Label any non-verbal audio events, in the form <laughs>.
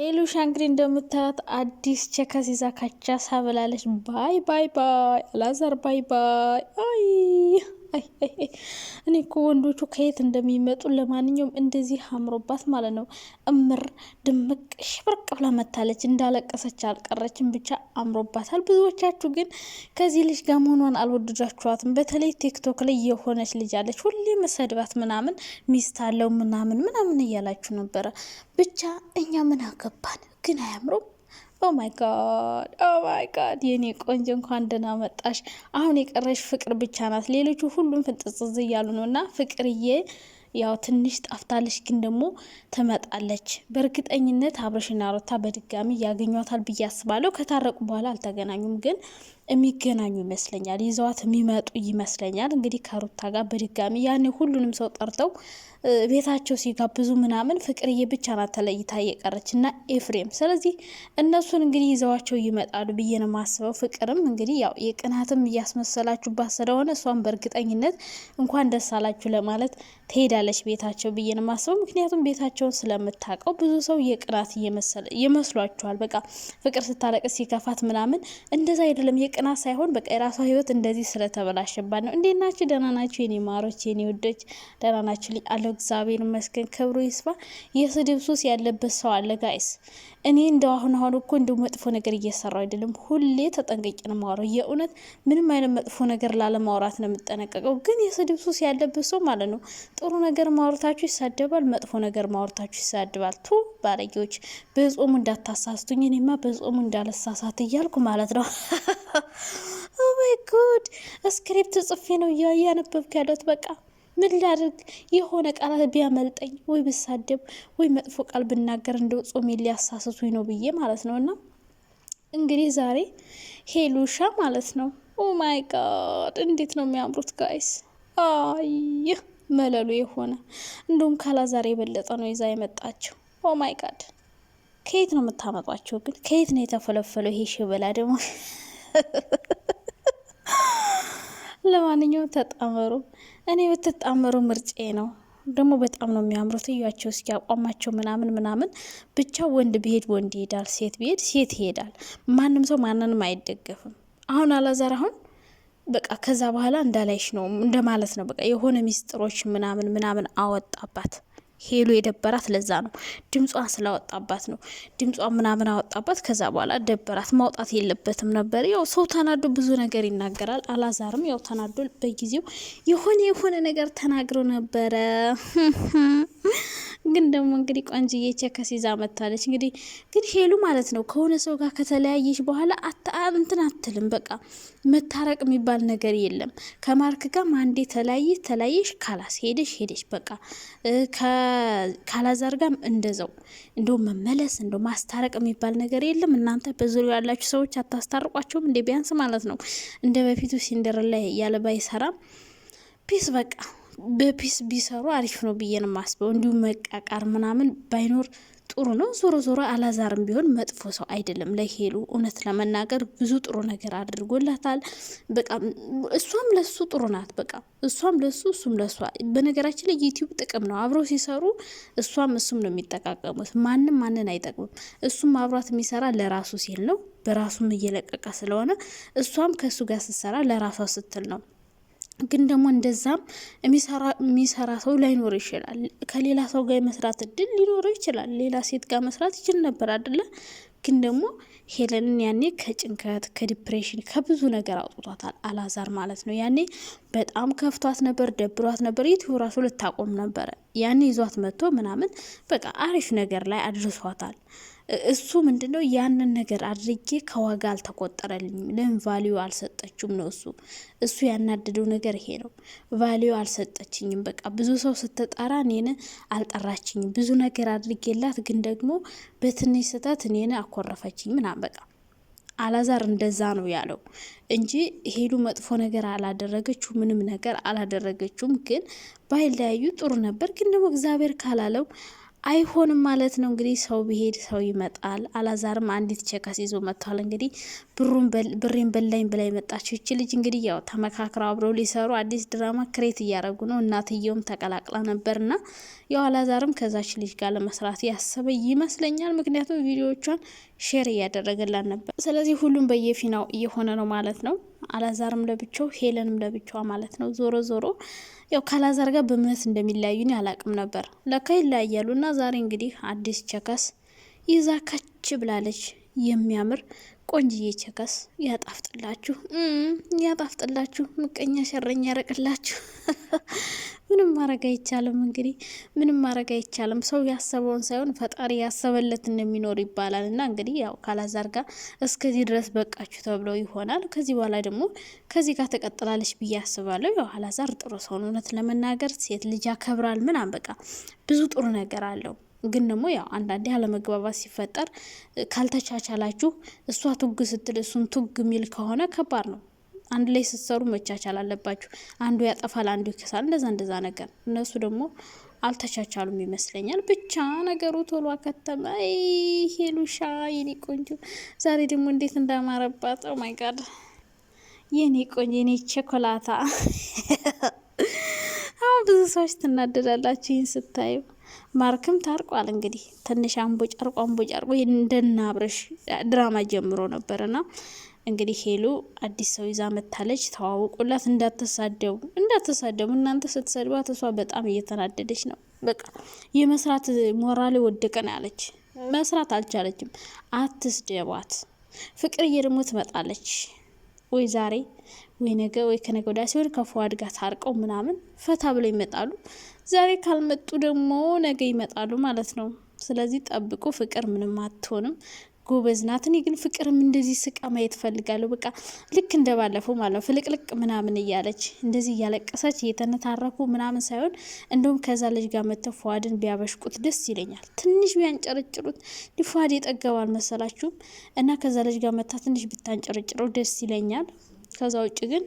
ሄሉሻ እንግዲህ እንደምታያት አዲስ ቸከስ ይዛ ካቻ ብላለች። ባይ ባይ ባይ አላዛር ባይ ባይ አይ <laughs> እኔ እኮ ወንዶቹ ከየት እንደሚመጡ ለማንኛውም እንደዚህ አምሮባት ማለት ነው። እምር ድምቅ ሽብርቅ ብላ መታለች፣ እንዳለቀሰች አልቀረችም። ብቻ አምሮባታል። ብዙዎቻችሁ ግን ከዚህ ልጅ ጋር መሆኗን አልወደዳችኋትም። በተለይ ቲክቶክ ላይ የሆነች ልጅ አለች፣ ሁሌ መሰድባት ምናምን፣ ሚስት አለው ምናምን ምናምን እያላችሁ ነበረ። ብቻ እኛ ምን አገባን ግን አያምሩም። ኦ ማይ ጋድ ኦ ማይ ጋድ የኔ ቆንጆ እንኳን ደህና መጣሽ። አሁን የቀረሽ ፍቅር ብቻ ናት። ሌሎቹ ሁሉም ፍንጥጽዝ እያሉ ነው እና ፍቅርዬ ያው ትንሽ ጠፍታለች፣ ግን ደግሞ ትመጣለች። በእርግጠኝነት አብረሽና ሩታ በድጋሚ ያገኟታል ብዬ አስባለሁ። ከታረቁ በኋላ አልተገናኙም፣ ግን የሚገናኙ ይመስለኛል። ይዘዋት የሚመጡ ይመስለኛል። እንግዲህ ከሩታ ጋር በድጋሚ ያኔ ሁሉንም ሰው ጠርተው ቤታቸው ሲጋብዙ ምናምን ፍቅርዬ ብቻ ናት ተለይታ የቀረች እና ኤፍሬም። ስለዚህ እነሱን እንግዲህ ይዘዋቸው ይመጣሉ ብዬ ነው የማስበው። ፍቅርም እንግዲህ ያው የቅናትም እያስመሰላችሁባት ስለሆነ እሷም በእርግጠኝነት እንኳን ደስ አላችሁ ለማለት ትሄዳለች። ትላለች ቤታቸው ብዬ ነው የማስበው። ምክንያቱም ቤታቸውን ስለምታውቀው ብዙ ሰው የቅናት ይመስሏቸዋል። በቃ ፍቅር ስታለቅስ ሲከፋት ምናምን እንደዛ አይደለም። የቅናት ሳይሆን በቃ የራሷ ህይወት እንደዚህ ስለተበላሸባት ነው። እንዴት ናቸው? ደህና ናቸው የኔ ማሮች፣ የኔ ውዶች ደህና ናቸው? ልኝ አለው። እግዚአብሔር ይመስገን፣ ክብሩ ይስፋ። የስድብ ሱስ ያለበት ሰው አለ ጋይስ። እኔ እንደ አሁን አሁን እኮ እንዲሁ መጥፎ ነገር እየሰራው አይደለም። ሁሌ ተጠንቀቂ ነው የማወራው። የእውነት ምንም አይነት መጥፎ ነገር ላለማውራት ነው የምጠነቀቀው። ግን የስድብ ሱስ ያለበት ሰው ማለት ነው ጥሩ ነገር ማውረታችሁ ይሳደባል፣ መጥፎ ነገር ማውረታችሁ ይሳደባል። ቱ ባለጌዎች በጾሙ እንዳታሳስቱኝ፣ እኔማ በጾሙ እንዳለሳሳት እያልኩ ማለት ነው። ኦማይ <laughs> ጉድ oh ስክሪፕት ጽፌ ነው እያነበብኩ ያለት በቃ ምን ላድርግ? የሆነ ቃላት ቢያመልጠኝ ወይ ብሳደብ ወይ መጥፎ ቃል ብናገር እንደው ጾሜ ሊያሳስቱኝ ነው ብዬ ማለት ነው። እና እንግዲህ ዛሬ ሄሉሻ ማለት ነው። ኦማይ oh ጋድ እንዴት ነው የሚያምሩት ጋይስ! አይ መለሉ የሆነ እንዲሁም ካላዛር የበለጠ ነው ይዛ የመጣችው። ኦ ማይ ጋድ! ከየት ነው የምታመጧቸው ግን? ከየት ነው የተፈለፈለው ይሄ ሽበላ ደግሞ? ለማንኛውም ተጣመሩ። እኔ ብትጣመሩ ምርጬ ነው። ደግሞ በጣም ነው የሚያምሩት። እያቸው እስኪ አቋማቸው ምናምን ምናምን። ብቻ ወንድ ቢሄድ ወንድ ይሄዳል፣ ሴት ቢሄድ ሴት ይሄዳል። ማንም ሰው ማንንም አይደገፍም። አሁን አላዛር አሁን በቃ ከዛ በኋላ እንዳላይሽ ነው እንደማለት ነው። በቃ የሆነ ሚስጥሮች ምናምን ምናምን አወጣባት። ሄሉ የደበራት ለዛ ነው፣ ድምጿን ስላወጣባት ነው። ድምጿን ምናምን አወጣባት። ከዛ በኋላ ደበራት። ማውጣት የለበትም ነበር። ያው ሰው ተናዶ ብዙ ነገር ይናገራል። አላዛርም ያው ተናዶ በጊዜው የሆነ የሆነ ነገር ተናግሮ ነበረ። ግን ደግሞ እንግዲህ ቆንጅዬ ቸከስ ይዛ መታለች። እንግዲህ ግን ሄሉ ማለት ነው ከሆነ ሰው ጋር ከተለያየች በኋላ እንትን አትልም። በቃ መታረቅ የሚባል ነገር የለም። ከማርክ ጋር አንዴ ተለያየ ተለያየሽ፣ ካላስ ሄደሽ ሄደሽ በቃ ካላዛር ጋር እንደዛው እንደ መመለስ እንደ ማስታረቅ የሚባል ነገር የለም። እናንተ በዙሪያው ያላችሁ ሰዎች አታስታርቋቸውም እንደ ቢያንስ ማለት ነው እንደ በፊቱ ሲንደረላ ያለ ባይሰራም ፒስ በቃ በፒስ ቢሰሩ አሪፍ ነው ብዬ ነው ማስበው። እንዲሁም መቃቃር ምናምን ባይኖር ጥሩ ነው። ዞሮ ዞሮ አላዛርም ቢሆን መጥፎ ሰው አይደለም። ለሄሉ እውነት ለመናገር ብዙ ጥሩ ነገር አድርጎላታል። በቃ እሷም ለሱ ጥሩ ናት። በቃ እሷም ለሱ እሱም ለሷ። በነገራችን ላይ ዩቲዩብ ጥቅም ነው። አብረው ሲሰሩ እሷም እሱም ነው የሚጠቃቀሙት። ማንም ማንን አይጠቅምም። እሱም አብሯት የሚሰራ ለራሱ ሲል ነው፣ በራሱም እየለቀቀ ስለሆነ እሷም ከእሱ ጋር ስትሰራ ለራሷ ስትል ነው። ግን ደግሞ እንደዛም የሚሰራ ሰው ላይኖር ይችላል። ከሌላ ሰው ጋር የመስራት እድል ሊኖረው ይችላል። ሌላ ሴት ጋር መስራት ይችል ነበር አይደለ? ግን ደግሞ ሄለንን ያኔ ከጭንቀት ከዲፕሬሽን ከብዙ ነገር አውጥቷታል አላዛር ማለት ነው። ያኔ በጣም ከፍቷት ነበር፣ ደብሯት ነበር። የትሁ ራሱ ልታቆም ነበረ። ያኔ ይዟት መጥቶ ምናምን በቃ አሪፍ ነገር ላይ አድርሷታል። እሱ ምንድን ነው ያንን ነገር አድርጌ ከዋጋ አልተቆጠረልኝም፣ ለምን ቫሊዩ አልሰጠችውም ነው እሱ እሱ ያናደደው ነገር ይሄ ነው። ቫሊዩ አልሰጠችኝም። በቃ ብዙ ሰው ስትጠራ እኔን አልጠራችኝም። ብዙ ነገር አድርጌላት ግን ደግሞ በትንሽ ስህተት እኔን አኮረፈችኝ ምናምን በቃ አላዛር እንደዛ ነው ያለው እንጂ ሄሉ መጥፎ ነገር አላደረገችው፣ ምንም ነገር አላደረገችውም። ግን ባይለያዩ ጥሩ ነበር። ግን ደግሞ እግዚአብሔር ካላለው አይሆንም ማለት ነው። እንግዲህ ሰው ቢሄድ ሰው ይመጣል። አላዛርም አንዲት ቼካስ ይዞ መጥቷል። እንግዲህ ብሬን በላኝ ብላ የመጣችው ይቺ ልጅ እንግዲህ ያው ተመካክረው አብረው ሊሰሩ አዲስ ድራማ ክሬት እያደረጉ ነው። እናትየውም ተቀላቅላ ነበርና ያው አላዛርም ከዛች ልጅ ጋር ለመስራት ያሰበ ይመስለኛል። ምክንያቱም ቪዲዮቿን ሼር እያደረገላን ነበር። ስለዚህ ሁሉም በየፊናው እየሆነ ነው ማለት ነው። አላዛርም ለብቻው ሄለንም ለብቻዋ ማለት ነው። ዞሮ ዞሮ ያው ካላዛር ጋር በምነት እንደሚለያዩን ያላቅም ነበር ለካ ይለያያሉ። እና ዛሬ እንግዲህ አዲስ ቸከስ ይዛ ከች ብላለች የሚያምር ቆንጅዬ ቸከስ ያጣፍጥላችሁ፣ ያጣፍጥላችሁ፣ ምቀኛ ሸረኛ ያረቅላችሁ። <laughs> ምንም ማድረግ አይቻልም። እንግዲህ ምንም ማድረግ አይቻልም። ሰው ያሰበውን ሳይሆን ፈጣሪ ያሰበለት እንደሚኖር ይባላል እና እንግዲህ ያው ካላዛር ጋር እስከዚህ ድረስ በቃችሁ ተብለው ይሆናል። ከዚህ በኋላ ደግሞ ከዚህ ጋር ተቀጥላለች ብዬ አስባለሁ። ያው ካላዛር ጥሩ ሰውን እውነት ለመናገር ሴት ልጅ ያከብራል ምናምን በቃ ብዙ ጥሩ ነገር አለው። ግን ደግሞ ያው አንዳንዴ አለመግባባት ሲፈጠር ካልተቻቻላችሁ እሷ ቱግ ስትል እሱን ቱግ የሚል ከሆነ ከባድ ነው። አንድ ላይ ስትሰሩ መቻቻል አለባችሁ። አንዱ ያጠፋል፣ አንዱ ይከሳል። እንደዛ እንደዛ ነገር እነሱ ደግሞ አልተቻቻሉም ይመስለኛል። ብቻ ነገሩ ቶሎ አከተመ። ሄሉሻ የኔ ቆንጆ ዛሬ ደግሞ እንዴት እንዳማረባት ማይ oh ጋድ የኔ ቆንጆ የኔ ቸኮላታ። <laughs> አሁን ብዙ ሰዎች ትናደዳላችሁ ይህን ስታዩ። ማርክም ታርቋል። እንግዲህ ትንሽ አምቦ ጨርቆ አምቦ ጨርቆ እንደናብረሽ ድራማ ጀምሮ ነበርና እንግዲህ ሄሉ አዲስ ሰው ይዛ መታለች። ተዋውቁላት፣ እንዳትሳደቡ እንዳትሳደቡ። እናንተ ስትሰድባት እሷ በጣም እየተናደደች ነው። በቃ የመስራት ሞራል ወደቀ ነው ያለች። መስራት አልቻለችም። አትስደቧት። ፍቅርዬ ደግሞ ትመጣለች ወይ ዛሬ ወይ ነገ ወይ ከነገ ወዲያ ሲሆን ከፉአድ ጋር ታርቀው ምናምን ፈታ ብለው ይመጣሉ። ዛሬ ካልመጡ ደግሞ ነገ ይመጣሉ ማለት ነው። ስለዚህ ጠብቁ። ፍቅር ምንም አትሆንም። ጎበዝ ናት። እኔ ግን ፍቅርም እንደዚህ ስቃ ማየት ፈልጋለሁ። በቃ ልክ እንደ ባለፈው ማለት ነው ፍልቅልቅ ምናምን እያለች እንደዚህ እያለቀሰች እየተነታረኩ ምናምን ሳይሆን እንደውም ከዛ ልጅ ጋር መተው ፏድን ቢያበሽቁት ደስ ይለኛል። ትንሽ ቢያንጨረጭሩት ፏድ የጠገባ አልመሰላችሁም? እና ከዛ ልጅ ጋር መታ ትንሽ ብታንጨረጭረው ደስ ይለኛል። ከዛ ውጭ ግን